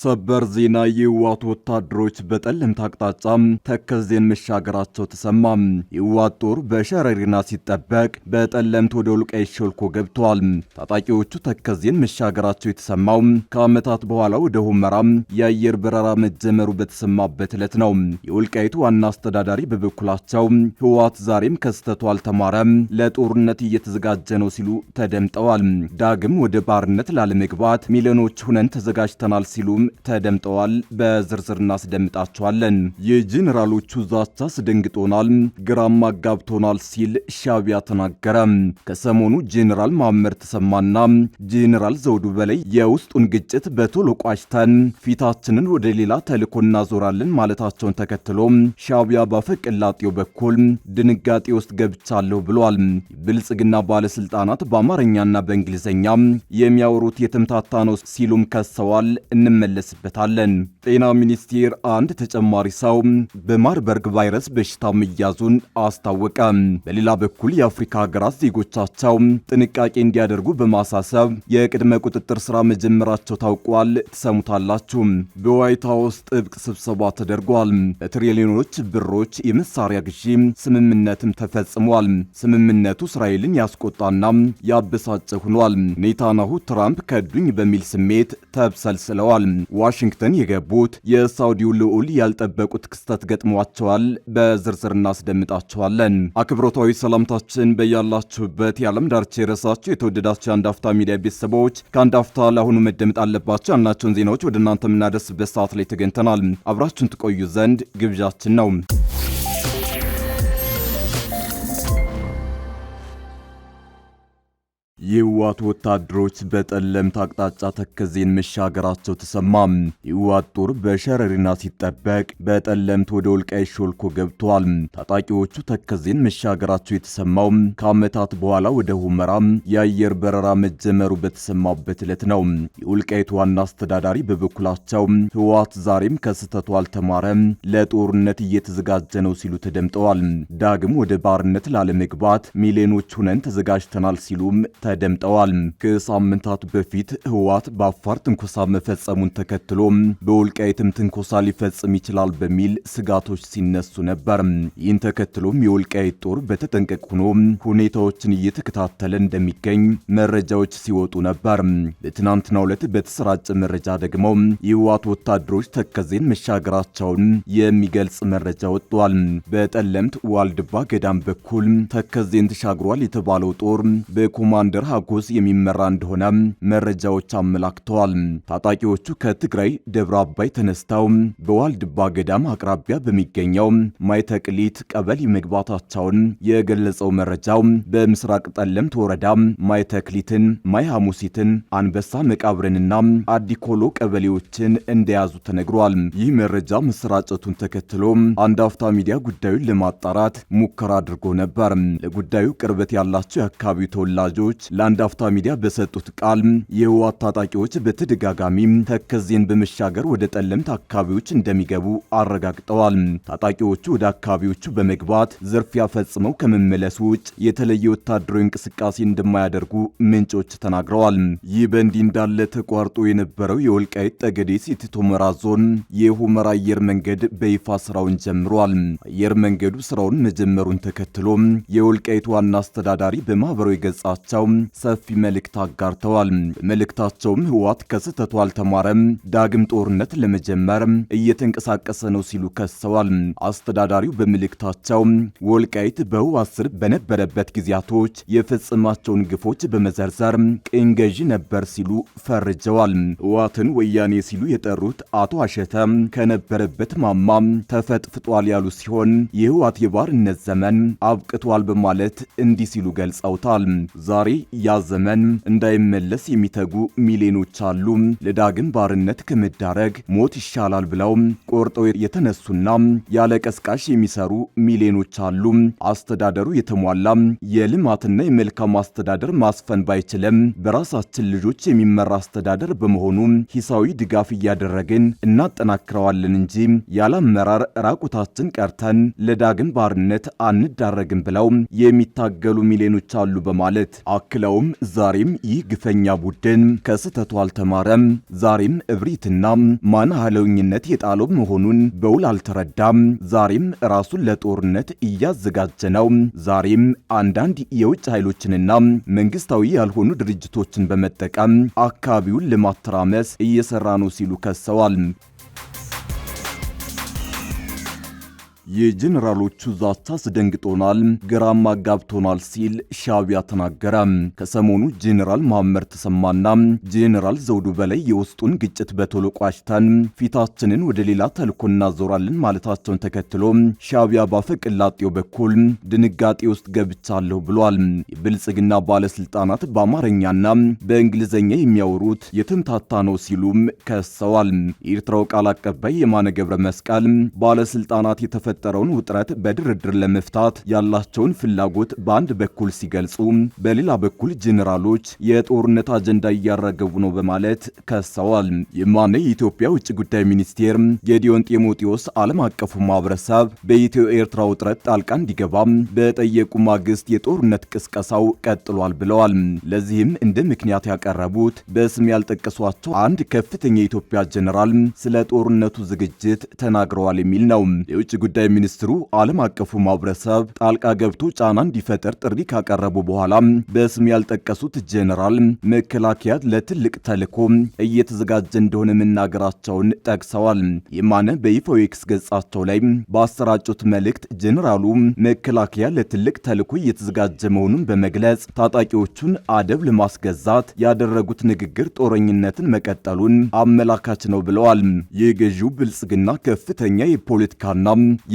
ሰበር ዜና የህወሓት ወታደሮች በጠለምት አቅጣጫ ተከዜን መሻገራቸው ተሰማ። የህወሓት ጦር በሸረሪና ሲጠበቅ በጠለምት ወደ ወልቃይት ሾልኮ ገብተዋል። ታጣቂዎቹ ተከዜን መሻገራቸው የተሰማው ከዓመታት በኋላ ወደ ሁመራ የአየር በረራ መጀመሩ በተሰማበት ዕለት ነው። የወልቃይቱ ዋና አስተዳዳሪ በበኩላቸው ህወሓት ዛሬም ከስተቱ አልተማረም፣ ለጦርነት እየተዘጋጀ ነው ሲሉ ተደምጠዋል። ዳግም ወደ ባርነት ላለመግባት ሚሊዮኖች ሁነን ተዘጋጅተናል ሲሉም ተደምጠዋል። በዝርዝር እናስደምጣቸዋለን። የጄኔራሎቹ ዛቻ አስደንግጦናል፣ ግራም አጋብቶናል ሲል ሻቢያ ተናገረ። ከሰሞኑ ጄኔራል ማመር ተሰማና ጄኔራል ዘውዱ በላይ የውስጡን ግጭት በቶሎ ቋጭተን ፊታችንን ወደ ሌላ ተልእኮ እናዞራለን ማለታቸውን ተከትሎ ሻቢያ ባፈቀላጤው በኩል ድንጋጤ ውስጥ ገብቻለሁ ብሏል። ብልጽግና ባለስልጣናት በአማርኛና በእንግሊዝኛ የሚያወሩት የተምታታ ነው ሲሉም ከሰዋል። እንመለስ እንመለስበታለን። ጤና ሚኒስቴር አንድ ተጨማሪ ሰው በማርበርግ ቫይረስ በሽታ መያዙን አስታወቀ። በሌላ በኩል የአፍሪካ ሀገራት ዜጎቻቸው ጥንቃቄ እንዲያደርጉ በማሳሰብ የቅድመ ቁጥጥር ስራ መጀመራቸው ታውቋል። ትሰሙታላችሁ። በዋይት ሀውስ ጥብቅ ስብሰባ ተደርጓል። በትሪሊዮኖች ብሮች የመሳሪያ ግዢ ስምምነትም ተፈጽሟል። ስምምነቱ እስራኤልን ያስቆጣና ያበሳጨ ሆኗል። ኔታናሁ ትራምፕ ከዱኝ በሚል ስሜት ተብሰልስለዋል። ዋሽንግተን የገቡት የሳውዲው ልዑል ያልጠበቁት ክስተት ገጥሟቸዋል። በዝርዝር እናስደምጣቸዋለን። አክብሮታዊ ሰላምታችን በያላችሁበት የዓለም ዳርቻ የረሳችሁ የተወደዳቸው የአንድ አፍታ ሚዲያ ቤተሰቦች ከአንድ አፍታ ለአሁኑ መደመጥ አለባቸው ያልናቸውን ዜናዎች ወደ እናንተ የምናደርስበት ሰዓት ላይ ተገኝተናል። አብራችሁን ትቆዩ ዘንድ ግብዣችን ነው። የህወሓት ወታደሮች በጠለምት አቅጣጫ ተከዜን መሻገራቸው ተሰማ። የህወሓት ጦር በሸረሪና ሲጠበቅ በጠለምት ወደ ወልቃይት ሾልኮ ገብቷል። ታጣቂዎቹ ተከዜን መሻገራቸው የተሰማው ከዓመታት በኋላ ወደ ሁመራ የአየር በረራ መጀመሩ በተሰማበት ዕለት ነው። የወልቃይት ዋና አስተዳዳሪ በበኩላቸው ህወሓት ዛሬም ከስህተቱ አልተማረም፣ ለጦርነት እየተዘጋጀ ነው ሲሉ ተደምጠዋል። ዳግም ወደ ባርነት ላለመግባት ሚሊዮኖች ሁነን ተዘጋጅተናል ሲሉም ተደምጠዋል። ከሳምንታት በፊት ህወሓት በአፋር ትንኮሳ መፈጸሙን ተከትሎ በወልቃይትም ትንኮሳ ሊፈጽም ይችላል በሚል ስጋቶች ሲነሱ ነበር። ይህን ተከትሎም የወልቃይት ጦር በተጠንቀቅ ሆኖ ሁኔታዎችን እየተከታተለ እንደሚገኝ መረጃዎች ሲወጡ ነበር። በትናንትናው ዕለት በተሰራጨ መረጃ ደግሞ የህወሓት ወታደሮች ተከዜን መሻገራቸውን የሚገልጽ መረጃ ወጥቷል። በጠለምት ዋልድባ ገዳም በኩል ተከዜን ተሻግሯል የተባለው ጦር በኮማንደ በሀገር ሀጎስ የሚመራ እንደሆነ መረጃዎች አመላክተዋል። ታጣቂዎቹ ከትግራይ ደብረ አባይ ተነስተው በዋልድባ ገዳም አቅራቢያ በሚገኘው ማይተቅሊት ቀበሌ መግባታቸውን የገለጸው መረጃው በምስራቅ ጠለምት ወረዳ ማይተክሊትን፣ ማይ ሐሙሲትን፣ አንበሳ መቃብርንና አዲኮሎ ቀበሌዎችን እንደያዙ ተነግሯል። ይህ መረጃ መሰራጨቱን ተከትሎ አንድ አፍታ ሚዲያ ጉዳዩን ለማጣራት ሙከራ አድርጎ ነበር። ለጉዳዩ ቅርበት ያላቸው የአካባቢው ተወላጆች ለአንድ አፍታ ሚዲያ በሰጡት ቃል የህወሓት ታጣቂዎች በተደጋጋሚ ተከዜን በመሻገር ወደ ጠለምት አካባቢዎች እንደሚገቡ አረጋግጠዋል። ታጣቂዎቹ ወደ አካባቢዎቹ በመግባት ዝርፊያ ፈጽመው ከመመለሱ ውጭ የተለየ ወታደራዊ እንቅስቃሴ እንደማያደርጉ ምንጮች ተናግረዋል። ይህ በእንዲህ እንዳለ ተቋርጦ የነበረው የወልቃይት ጠገዴ ሰቲት ሁመራ ዞን የሁመራ አየር መንገድ በይፋ ስራውን ጀምሯል። አየር መንገዱ ስራውን መጀመሩን ተከትሎ የወልቃይት ዋና አስተዳዳሪ በማህበራዊ ገጻቸው ሰፊ መልእክት አጋርተዋል። መልእክታቸውም ህወሓት ከስህተቱ አልተማረም፣ ዳግም ጦርነት ለመጀመር እየተንቀሳቀሰ ነው ሲሉ ከሰዋል። አስተዳዳሪው በመልእክታቸው ወልቃይት በህወሓት ስር በነበረበት ጊዜያቶች የፈጸማቸውን ግፎች በመዘርዘር ቅኝ ገዢ ነበር ሲሉ ፈርጀዋል። ህወሓትን ወያኔ ሲሉ የጠሩት አቶ አሸተ ከነበረበት ማማ ተፈጥፍጧል ያሉ ሲሆን የህወሓት የባርነት ዘመን አብቅቷል በማለት እንዲህ ሲሉ ገልጸውታል። ዛሬ ያ ዘመን እንዳይመለስ የሚተጉ ሚሊዮኖች አሉ። ለዳግም ባርነት ከመዳረግ ሞት ይሻላል ብለው ቆርጠው የተነሱና ያለ ቀስቃሽ የሚሰሩ ሚሊዮኖች አሉ። አስተዳደሩ የተሟላ የልማትና የመልካም አስተዳደር ማስፈን ባይችልም በራሳችን ልጆች የሚመራ አስተዳደር በመሆኑ ሂሳዊ ድጋፍ እያደረግን እናጠናክረዋለን እንጂ ያለ አመራር ራቁታችን ቀርተን ለዳግም ባርነት አንዳረግም ብለው የሚታገሉ ሚሊዮኖች አሉ በማለት አክለውም ዛሬም ይህ ግፈኛ ቡድን ከስህተቱ አልተማረም፣ ዛሬም እብሪትና ማናሃለውኝነት የጣለው መሆኑን በውል አልተረዳም፣ ዛሬም ራሱን ለጦርነት እያዘጋጀ ነው፣ ዛሬም አንዳንድ የውጭ ኃይሎችንና መንግስታዊ ያልሆኑ ድርጅቶችን በመጠቀም አካባቢውን ለማተራመስ እየሰራ ነው ሲሉ ከሰዋል። የጀነራሎቹ ዛቻ አስደንግጦናል፣ ግራም አጋብቶናል ሲል ሻቢያ ተናገረ። ከሰሞኑ ጄኔራል መሐመድ ተሰማና ጄኔራል ዘውዱ በላይ የውስጡን ግጭት በቶሎ ቋጭተን ፊታችንን ወደ ሌላ ተልኮ እናዞራለን ማለታቸውን ተከትሎ ሻቢያ ባፈቅላጤው በኩል ድንጋጤ ውስጥ ገብቻለሁ ብሏል። የብልጽግና ባለስልጣናት በአማርኛና በእንግሊዝኛ የሚያወሩት የተምታታ ነው ሲሉም ከሰዋል። የኤርትራው ቃል አቀባይ የማነ ገብረ መስቀል ባለስልጣናት የተፈ የተፈጠረውን ውጥረት በድርድር ለመፍታት ያላቸውን ፍላጎት በአንድ በኩል ሲገልጹ፣ በሌላ በኩል ጄኔራሎች የጦርነት አጀንዳ እያረገቡ ነው በማለት ከሰዋል። የማነ የኢትዮጵያ ውጭ ጉዳይ ሚኒስቴር ጌዲዮን ጢሞቴዎስ ዓለም አቀፉ ማህበረሰብ በኢትዮ ኤርትራ ውጥረት ጣልቃ እንዲገባ በጠየቁ ማግስት የጦርነት ቅስቀሳው ቀጥሏል ብለዋል። ለዚህም እንደ ምክንያት ያቀረቡት በስም ያልጠቀሷቸው አንድ ከፍተኛ የኢትዮጵያ ጄኔራል ስለ ጦርነቱ ዝግጅት ተናግረዋል የሚል ነው። የውጭ ጉዳይ ጉዳይ ሚኒስትሩ ዓለም አቀፉ ማህበረሰብ ጣልቃ ገብቶ ጫና እንዲፈጠር ጥሪ ካቀረቡ በኋላ በስም ያልጠቀሱት ጄኔራል መከላከያ ለትልቅ ተልዕኮ እየተዘጋጀ እንደሆነ መናገራቸውን ጠቅሰዋል። የማነ በይፋዊ ኤክስ ገጻቸው ላይ በአሰራጩት መልእክት ጄኔራሉ መከላከያ ለትልቅ ተልዕኮ እየተዘጋጀ መሆኑን በመግለጽ ታጣቂዎቹን አደብ ለማስገዛት ያደረጉት ንግግር ጦረኝነትን መቀጠሉን አመላካች ነው ብለዋል። የገዢው ብልጽግና ከፍተኛ የፖለቲካና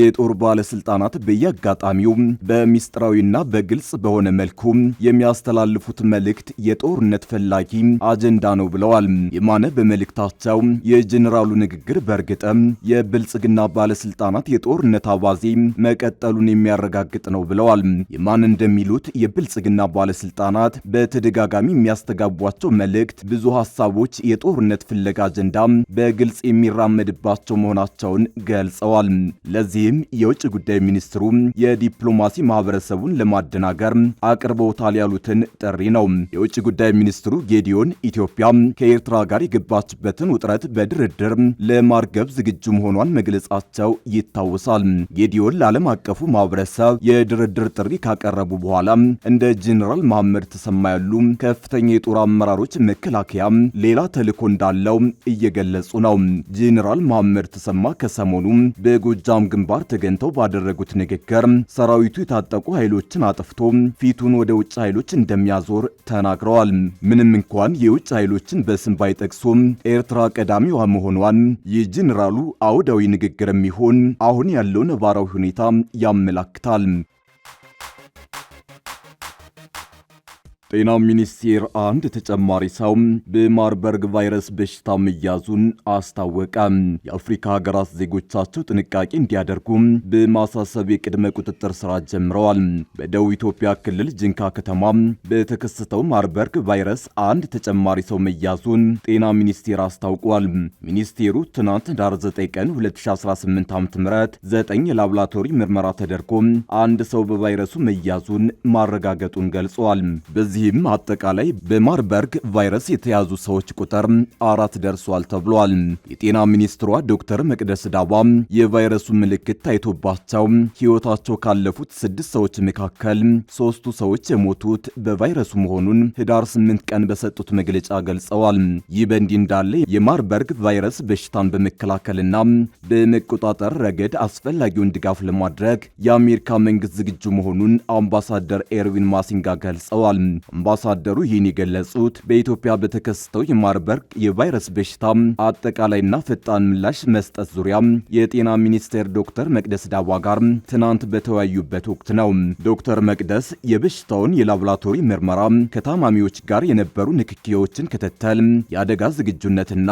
የጦር ባለስልጣናት በየአጋጣሚው በሚስጥራዊና በግልጽ በሆነ መልኩ የሚያስተላልፉት መልእክት የጦርነት ፈላጊ አጀንዳ ነው ብለዋል። የማነ በመልእክታቸው የጀኔራሉ ንግግር በእርግጥም የብልጽግና ባለስልጣናት የጦርነት አባዜ መቀጠሉን የሚያረጋግጥ ነው ብለዋል። የማን እንደሚሉት የብልጽግና ባለስልጣናት በተደጋጋሚ የሚያስተጋቧቸው መልእክት ብዙ ሀሳቦች የጦርነት ፍለጋ አጀንዳ በግልጽ የሚራመድባቸው መሆናቸውን ገልጸዋል። ለዚህ ይህም የውጭ ጉዳይ ሚኒስትሩ የዲፕሎማሲ ማህበረሰቡን ለማደናገር አቅርበውታል ያሉትን ጥሪ ነው። የውጭ ጉዳይ ሚኒስትሩ ጌዲዮን ኢትዮጵያ ከኤርትራ ጋር የገባችበትን ውጥረት በድርድር ለማርገብ ዝግጁ መሆኗን መግለጻቸው ይታወሳል። ጌዲዮን ለዓለም አቀፉ ማህበረሰብ የድርድር ጥሪ ካቀረቡ በኋላ እንደ ጄኔራል መሐመድ ተሰማ ያሉ ከፍተኛ የጦር አመራሮች መከላከያ ሌላ ተልዕኮ እንዳለው እየገለጹ ነው። ጄኔራል መሐመድ ተሰማ ከሰሞኑ በጎጃም ግንባር ግንባር ተገኝተው ባደረጉት ንግግር ሰራዊቱ የታጠቁ ኃይሎችን አጥፍቶ ፊቱን ወደ ውጭ ኃይሎች እንደሚያዞር ተናግረዋል። ምንም እንኳን የውጭ ኃይሎችን በስም ባይጠቅሱም ኤርትራ ቀዳሚዋ መሆኗን የጄኔራሉ አውዳዊ ንግግር የሚሆን አሁን ያለው ነባራዊ ሁኔታ ያመላክታል። ጤና ሚኒስቴር አንድ ተጨማሪ ሰው በማርበርግ ቫይረስ በሽታ መያዙን አስታወቀ። የአፍሪካ ሀገራት ዜጎቻቸው ጥንቃቄ እንዲያደርጉ በማሳሰብ የቅድመ ቁጥጥር ስራ ጀምረዋል። በደቡብ ኢትዮጵያ ክልል ጅንካ ከተማ በተከሰተው ማርበርግ ቫይረስ አንድ ተጨማሪ ሰው መያዙን ጤና ሚኒስቴር አስታውቋል። ሚኒስቴሩ ትናንት ዳር 9 ቀን 2018 ዓ.ም 9 የላቦራቶሪ ምርመራ ተደርጎ አንድ ሰው በቫይረሱ መያዙን ማረጋገጡን ገልጿል። በዚህ በዚህም አጠቃላይ በማርበርግ ቫይረስ የተያዙ ሰዎች ቁጥር አራት ደርሷል ተብሏል። የጤና ሚኒስትሯ ዶክተር መቅደስ ዳባ የቫይረሱ ምልክት ታይቶባቸው ሕይወታቸው ካለፉት ስድስት ሰዎች መካከል ሦስቱ ሰዎች የሞቱት በቫይረሱ መሆኑን ህዳር ስምንት ቀን በሰጡት መግለጫ ገልጸዋል። ይህ በእንዲህ እንዳለ የማርበርግ ቫይረስ በሽታን በመከላከልና በመቆጣጠር ረገድ አስፈላጊውን ድጋፍ ለማድረግ የአሜሪካ መንግስት ዝግጁ መሆኑን አምባሳደር ኤርዊን ማሲንጋ ገልጸዋል። አምባሳደሩ ይህን የገለጹት በኢትዮጵያ በተከሰተው የማርበርግ የቫይረስ በሽታ አጠቃላይና ፈጣን ምላሽ መስጠት ዙሪያ የጤና ሚኒስቴር ዶክተር መቅደስ ዳባ ጋር ትናንት በተወያዩበት ወቅት ነው። ዶክተር መቅደስ የበሽታውን የላቦራቶሪ ምርመራ፣ ከታማሚዎች ጋር የነበሩ ንክኪዎችን ክትትል፣ የአደጋ ዝግጁነትና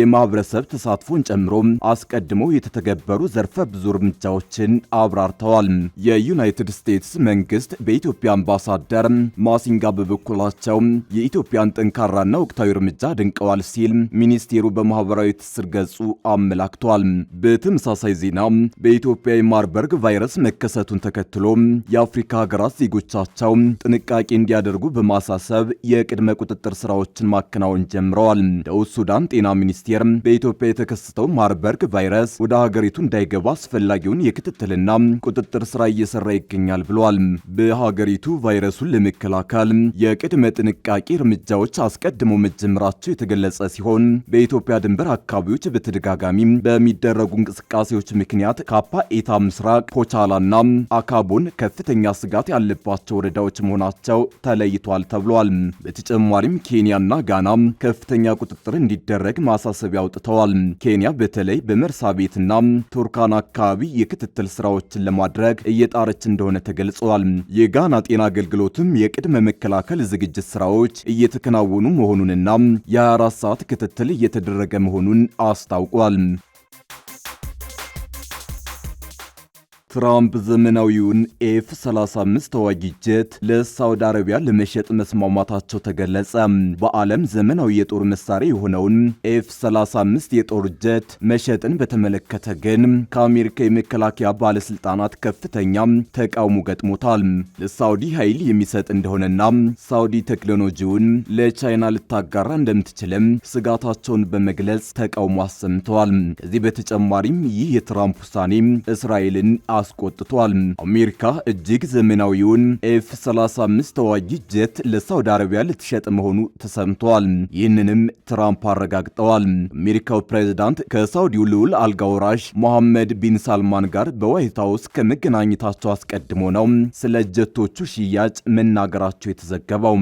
የማህበረሰብ ተሳትፎን ጨምሮ አስቀድመው የተተገበሩ ዘርፈ ብዙ እርምጃዎችን አብራርተዋል። የዩናይትድ ስቴትስ መንግስት በኢትዮጵያ አምባሳደር ማሲንጋ በበኩላቸው የኢትዮጵያን ጠንካራና ወቅታዊ እርምጃ አድንቀዋል ሲል ሚኒስቴሩ በማህበራዊ ትስስር ገጹ አመላክቷል። በተመሳሳይ ዜና በኢትዮጵያ የማርበርግ ቫይረስ መከሰቱን ተከትሎ የአፍሪካ ሀገራት ዜጎቻቸው ጥንቃቄ እንዲያደርጉ በማሳሰብ የቅድመ ቁጥጥር ስራዎችን ማከናወን ጀምረዋል። ደቡብ ሱዳን ጤና ሚኒስቴር በኢትዮጵያ የተከሰተው ማርበርግ ቫይረስ ወደ ሀገሪቱ እንዳይገባ አስፈላጊውን የክትትልና ቁጥጥር ስራ እየሰራ ይገኛል ብለዋል። በሀገሪቱ ቫይረሱን ለመከላከል የቅድመ ጥንቃቄ እርምጃዎች አስቀድሞ መጀመራቸው የተገለጸ ሲሆን በኢትዮጵያ ድንበር አካባቢዎች በተደጋጋሚ በሚደረጉ እንቅስቃሴዎች ምክንያት ካፓ ኤታ ምስራቅ፣ ፖቻላና አካቦን ከፍተኛ ስጋት ያለባቸው ወረዳዎች መሆናቸው ተለይቷል ተብሏል። በተጨማሪም ኬንያና ጋና ከፍተኛ ቁጥጥር እንዲደረግ ማሳሰቢያ አውጥተዋል። ኬንያ በተለይ በመርሳ ቤትና ቱርካና አካባቢ የክትትል ስራዎችን ለማድረግ እየጣረች እንደሆነ ተገልጿል። የጋና ጤና አገልግሎትም የቅድመ መከላከል የመከላከል ዝግጅት ስራዎች እየተከናወኑ መሆኑንና የ24 ሰዓት ክትትል እየተደረገ መሆኑን አስታውቋል። ትራምፕ ዘመናዊውን ኤፍ 35 ተዋጊ ጀት ለሳውዲ አረቢያ ለመሸጥ መስማማታቸው ተገለጸ። በዓለም ዘመናዊ የጦር መሳሪያ የሆነውን ኤፍ 35 የጦር ጀት መሸጥን በተመለከተ ግን ከአሜሪካ የመከላከያ ባለስልጣናት ከፍተኛ ተቃውሞ ገጥሞታል። ለሳውዲ ኃይል የሚሰጥ እንደሆነና ሳውዲ ቴክኖሎጂውን ለቻይና ልታጋራ እንደምትችልም ስጋታቸውን በመግለጽ ተቃውሞ አሰምተዋል። ከዚህ በተጨማሪም ይህ የትራምፕ ውሳኔ እስራኤልን አስቆጥቷል። አሜሪካ እጅግ ዘመናዊውን ኤፍ 35 ተዋጊ ጀት ለሳውዲ አረቢያ ልትሸጥ መሆኑ ተሰምቷል። ይህንንም ትራምፕ አረጋግጠዋል። አሜሪካው ፕሬዚዳንት ከሳውዲው ልዑል አልጋውራሽ ሞሐመድ ቢን ሳልማን ጋር በዋይት ሀውስ ከመገናኘታቸው አስቀድሞ ነው ስለ ጀቶቹ ሽያጭ መናገራቸው የተዘገበው።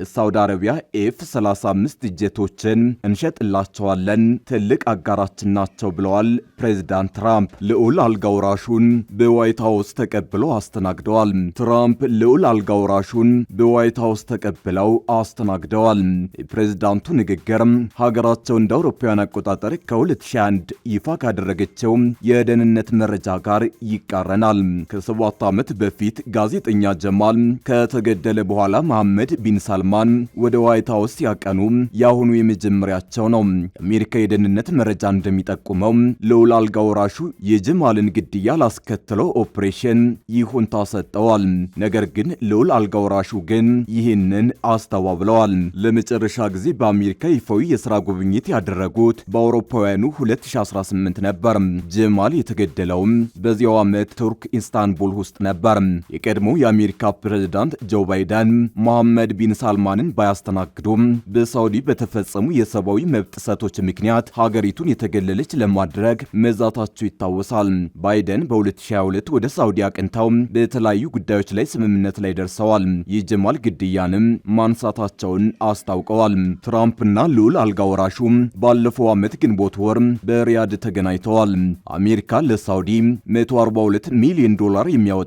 ለሳውዲ አረቢያ ኤፍ 35 ጀቶችን እንሸጥላቸዋለን፣ ትልቅ አጋራችን ናቸው ብለዋል ፕሬዚዳንት ትራምፕ ልዑል አልጋውራሹን በ በዋይት ሀውስ ተቀብለው አስተናግደዋል። ትራምፕ ልዑል አልጋ ወራሹን በዋይት ሀውስ ተቀብለው አስተናግደዋል። የፕሬዝዳንቱ ንግግር ሀገራቸው እንደ አውሮፓውያን አቆጣጠር ከ2021 ይፋ ካደረገችው የደህንነት መረጃ ጋር ይቃረናል። ከሰባት ዓመት በፊት ጋዜጠኛ ጀማል ከተገደለ በኋላ መሐመድ ቢን ሳልማን ወደ ዋይት ሀውስ ያቀኑ የአሁኑ የመጀመሪያቸው ነው። የአሜሪካ የደህንነት መረጃ እንደሚጠቁመው ልዑል አልጋ ወራሹ የጀማልን ግድያ ላስከትለው ተከትሎ ኦፕሬሽን ይሁንታ ሰጠዋል። ነገር ግን ልዑል አልጋውራሹ ግን ይህንን አስተባብለዋል። ለመጨረሻ ጊዜ በአሜሪካ ይፋዊ የሥራ ጉብኝት ያደረጉት በአውሮፓውያኑ 2018 ነበር። ጀማል የተገደለውም በዚያው ዓመት ቱርክ ኢስታንቡል ውስጥ ነበር። የቀድሞው የአሜሪካ ፕሬዝዳንት ጆ ባይደን መሐመድ ቢን ሳልማንን ባያስተናግዱም በሳውዲ በተፈጸሙ የሰብአዊ መብት ጥሰቶች ምክንያት ሀገሪቱን የተገለለች ለማድረግ መዛታቸው ይታወሳል። ባይደን በ2022 2022 ወደ ሳውዲ አቅንተው በተለያዩ ጉዳዮች ላይ ስምምነት ላይ ደርሰዋል። የጀማል ግድያንም ማንሳታቸውን አስታውቀዋል። ትራምፕና ልዑል አልጋ ወራሹ ባለፈው ዓመት ግንቦት ወር በሪያድ ተገናኝተዋል። አሜሪካ ለሳውዲ 142 ሚሊዮን ዶላር የሚያወጣ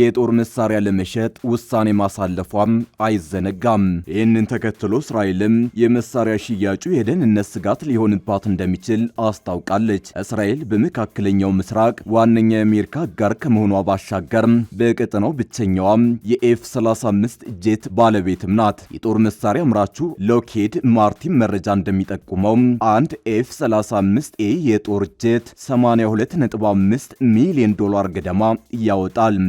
የጦር መሳሪያ ለመሸጥ ውሳኔ ማሳለፏ አይዘነጋም። ይህንን ተከትሎ እስራኤልም የመሳሪያ ሽያጩ የደህንነት ስጋት ሊሆንባት እንደሚችል አስታውቃለች። እስራኤል በመካከለኛው ምስራቅ ዋነኛ የአሜሪካ ጋር ከመሆኗ ባሻገር በቀጠናው ብቸኛዋ የኤፍ 35 ጄት ባለቤትም ናት። የጦር መሳሪያ አምራቹ ሎኬድ ማርቲን መረጃ እንደሚጠቁመው አንድ ኤፍ 35 ኤ የጦር ጄት 82.5 ሚሊዮን ዶላር ገደማ ያወጣል።